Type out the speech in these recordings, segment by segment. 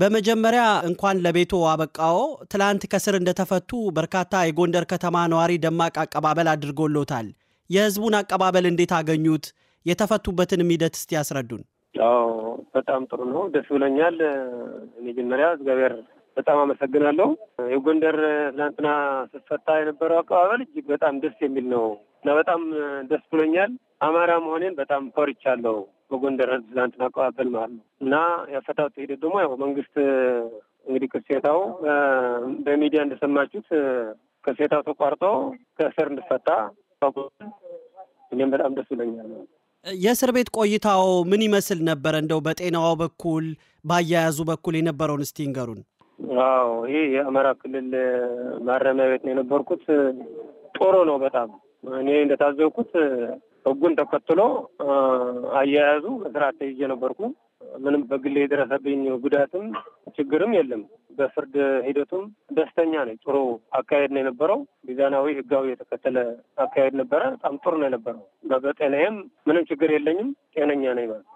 በመጀመሪያ እንኳን ለቤቶ አበቃዎ። ትላንት ከስር እንደተፈቱ በርካታ የጎንደር ከተማ ነዋሪ ደማቅ አቀባበል አድርጎሎታል። የህዝቡን አቀባበል እንዴት አገኙት? የተፈቱበትን ሂደት እስቲ ያስረዱን። አዎ በጣም ጥሩ ነው፣ ደስ ብሎኛል። መጀመሪያ እግዚአብሔር በጣም አመሰግናለሁ። የጎንደር ትናንትና ስፈታ የነበረው አቀባበል እጅግ በጣም ደስ የሚል ነው እና በጣም ደስ ብሎኛል። አማራ መሆኔን በጣም ኮርቻለሁ። በጎንደር ትላንትና አቀባበል ማለት ነው እና ያፈታት ሂደት ደግሞ ያው መንግስት እንግዲህ ክሴታው በሚዲያ እንደሰማችሁት ከሴታው ተቋርጦ ከእስር እንድፈታ እኔም በጣም ደስ ይለኛል። የእስር ቤት ቆይታው ምን ይመስል ነበረ እንደው በጤናዋ በኩል በአያያዙ በኩል የነበረውን እስቲ ንገሩን። አዎ ይህ የአማራ ክልል ማረሚያ ቤት ነው የነበርኩት። ጦሮ ነው በጣም እኔ እንደታዘብኩት ህጉን ተከትሎ አያያዙ በስራ ተይዤ ነበርኩ። ምንም በግሌ የደረሰብኝ ጉዳትም ችግርም የለም። በፍርድ ሂደቱም ደስተኛ ነኝ። ጥሩ አካሄድ ነው የነበረው። ሚዛናዊ፣ ህጋዊ የተከተለ አካሄድ ነበረ። በጣም ጥሩ ነው የነበረው። በጤናዬም ምንም ችግር የለኝም። ጤነኛ ነኝ ማለት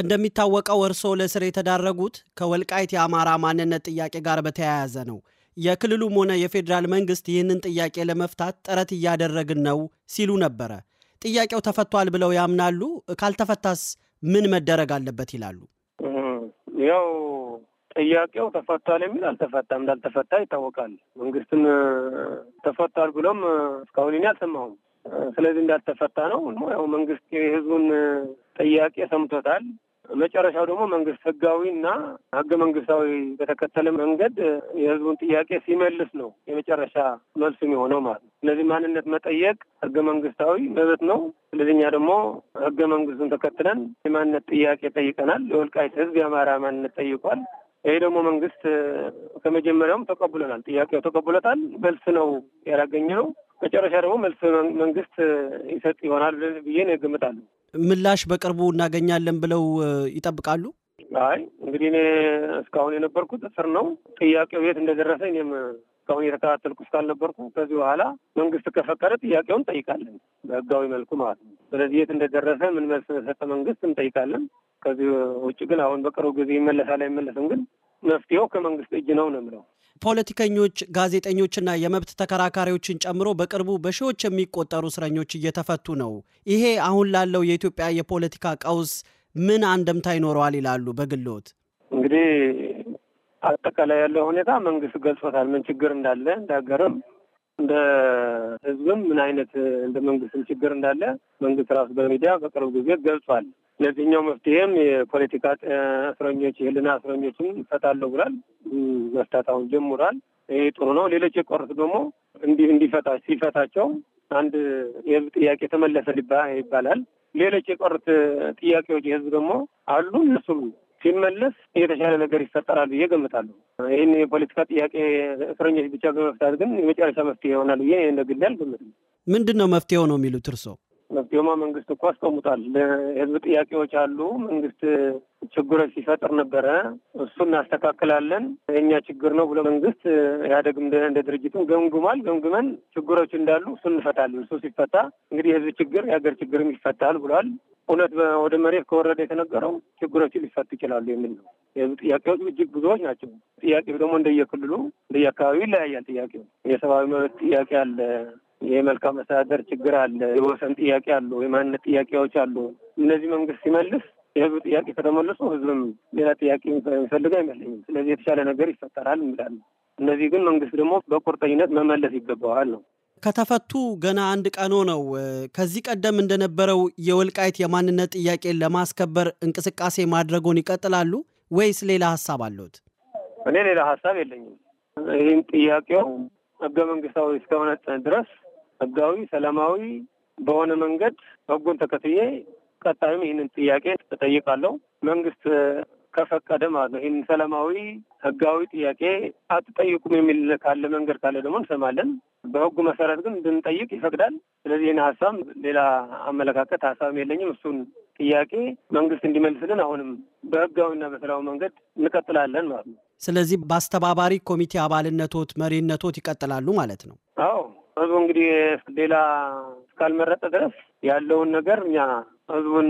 እንደሚታወቀው እርስዎ ለእስር የተዳረጉት ከወልቃይት የአማራ ማንነት ጥያቄ ጋር በተያያዘ ነው። የክልሉም ሆነ የፌዴራል መንግስት ይህንን ጥያቄ ለመፍታት ጥረት እያደረግን ነው ሲሉ ነበረ። ጥያቄው ተፈቷል ብለው ያምናሉ? ካልተፈታስ ምን መደረግ አለበት ይላሉ? ያው ጥያቄው ተፈቷል የሚል አልተፈታም፣ እንዳልተፈታ ይታወቃል። መንግስትም ተፈቷል ብሎም እስካሁን እኔ አልሰማሁም። ስለዚህ እንዳልተፈታ ነው። ያው መንግስት የህዝቡን ጥያቄ ሰምቶታል። መጨረሻው ደግሞ መንግስት ህጋዊ እና ህገ መንግስታዊ በተከተለ መንገድ የህዝቡን ጥያቄ ሲመልስ ነው የመጨረሻ መልሱ የሚሆነው ማለት ነው። ስለዚህ ማንነት መጠየቅ ህገ መንግስታዊ መብት ነው። ስለዚህ እኛ ደግሞ ህገ መንግስቱን ተከትለን የማንነት ጥያቄ ጠይቀናል። የወልቃይት ህዝብ የአማራ ማንነት ጠይቋል። ይሄ ደግሞ መንግስት ከመጀመሪያውም ተቀብሎናል፣ ጥያቄው ተቀብሎታል። መልስ ነው ያላገኘ ነው። መጨረሻ ደግሞ መልስ መንግስት ይሰጥ ይሆናል ብዬ ነው ምላሽ በቅርቡ እናገኛለን ብለው ይጠብቃሉ? አይ እንግዲህ እኔ እስካሁን የነበርኩት እስር ነው። ጥያቄው የት እንደደረሰ እኔም እስካሁን የተከታተልኩ ስላልነበርኩ ከዚህ በኋላ መንግስት ከፈቀደ ጥያቄውን እንጠይቃለን በህጋዊ መልኩ ማለት ነው። ስለዚህ የት እንደደረሰ ምን መልስ እንደሰጠ መንግስት እንጠይቃለን። ከዚህ ውጭ ግን አሁን በቅርቡ ጊዜ ይመለሳል አይመለስም፣ ግን መፍትሄው ከመንግስት እጅ ነው ነው የምለው። ፖለቲከኞች፣ ጋዜጠኞችና የመብት ተከራካሪዎችን ጨምሮ በቅርቡ በሺዎች የሚቆጠሩ እስረኞች እየተፈቱ ነው። ይሄ አሁን ላለው የኢትዮጵያ የፖለቲካ ቀውስ ምን አንደምታ ይኖረዋል ይላሉ በግሎት? እንግዲህ አጠቃላይ ያለው ሁኔታ መንግስት ገልጾታል። ምን ችግር እንዳለ ሀገርም እንደ ህዝብም ምን አይነት እንደ መንግስትም ችግር እንዳለ መንግስት ራሱ በሚዲያ በቅርብ ጊዜ ገልጿል። ለዚህኛው መፍትሄም የፖለቲካ እስረኞች የህልና እስረኞችም ይፈታለሁ ብሏል። መፍታት አሁን ጀምሯል። ይህ ጥሩ ነው። ሌሎች የቆሩት ደግሞ እንዲህ እንዲፈታ ሲፈታቸው አንድ የህዝብ ጥያቄ ተመለሰ ሊባ ይባላል። ሌሎች የቆሩት ጥያቄዎች የህዝብ ደግሞ አሉ እነሱም ሲመለስ የተሻለ ነገር ይፈጠራል ብዬ ገምታለሁ። ይህን የፖለቲካ ጥያቄ እስረኞች ብቻ በመፍታት ግን የመጨረሻ መፍትሄ ይሆናል ብዬ እንደ ግሌ አልገምትም። ምንድን ነው መፍትሄው ነው የሚሉት እርስዎ? የማ መንግስት እኮ አስቀምጧል። ለህዝብ ጥያቄዎች አሉ። መንግስት ችግሮች ሲፈጥር ነበረ። እሱ እናስተካክላለን የእኛ ችግር ነው ብሎ መንግስት ኢህአዴግ እንደ ድርጅትም ገምግሟል። ገምግመን ችግሮች እንዳሉ እሱ እንፈታለን። እሱ ሲፈታ እንግዲህ የህዝብ ችግር የሀገር ችግርም ይፈታል ብሏል። እውነት ወደ መሬት ከወረደ የተነገረው ችግሮች ሊፈቱ ይችላሉ የሚል ነው። የህዝብ ጥያቄዎች እጅግ ብዙዎች ናቸው። ጥያቄው ደግሞ እንደየክልሉ እንደየአካባቢው ይለያያል። ጥያቄው የሰብአዊ መብት ጥያቄ አለ የመልካም መስተዳደር ችግር አለ፣ የወሰን ጥያቄ አሉ፣ የማንነት ጥያቄዎች አሉ። እነዚህ መንግስት ሲመልስ የህዝብ ጥያቄ ከተመለሱ ህዝብም ሌላ ጥያቄ የሚፈልግ አይመስለኝም። ስለዚህ የተሻለ ነገር ይፈጠራል እንላለን። እነዚህ ግን መንግስት ደግሞ በቁርጠኝነት መመለስ ይገባዋል ነው። ከተፈቱ ገና አንድ ቀኖ ነው። ከዚህ ቀደም እንደነበረው የወልቃይት የማንነት ጥያቄን ለማስከበር እንቅስቃሴ ማድረጉን ይቀጥላሉ ወይስ ሌላ ሀሳብ አለሁት? እኔ ሌላ ሀሳብ የለኝም። ይህም ጥያቄው ህገ መንግስታዊ እስከሆነ ድረስ ህጋዊ፣ ሰላማዊ በሆነ መንገድ ህጉን ተከትዬ ቀጣዩም ይህንን ጥያቄ እጠይቃለሁ። መንግስት ከፈቀደ ማለት ነው። ይህን ሰላማዊ ህጋዊ ጥያቄ አትጠይቁም የሚል ካለ መንገድ ካለ ደግሞ እንሰማለን። በህጉ መሰረት ግን እንድንጠይቅ ይፈቅዳል። ስለዚህ ይህን ሀሳብ ሌላ አመለካከት ሀሳብም የለኝም። እሱን ጥያቄ መንግስት እንዲመልስልን አሁንም በህጋዊና በሰላማዊ መንገድ እንቀጥላለን ማለት ነው። ስለዚህ በአስተባባሪ ኮሚቴ አባልነቶት መሪነቶት ይቀጥላሉ ማለት ነው? አዎ እንግዲህ ሌላ እስካልመረጠ ድረስ ያለውን ነገር እኛ ህዝቡን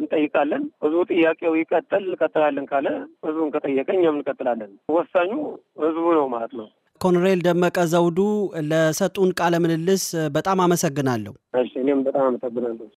እንጠይቃለን። ህዝቡ ጥያቄው ይቀጥል እንቀጥላለን ካለ ህዝቡን ከጠየቀ እኛም እንቀጥላለን። ወሳኙ ህዝቡ ነው ማለት ነው። ኮሎኔል ደመቀ ዘውዱ ለሰጡን ቃለ ምልልስ በጣም አመሰግናለሁ። እሺ እኔም በጣም አመሰግናለሁ።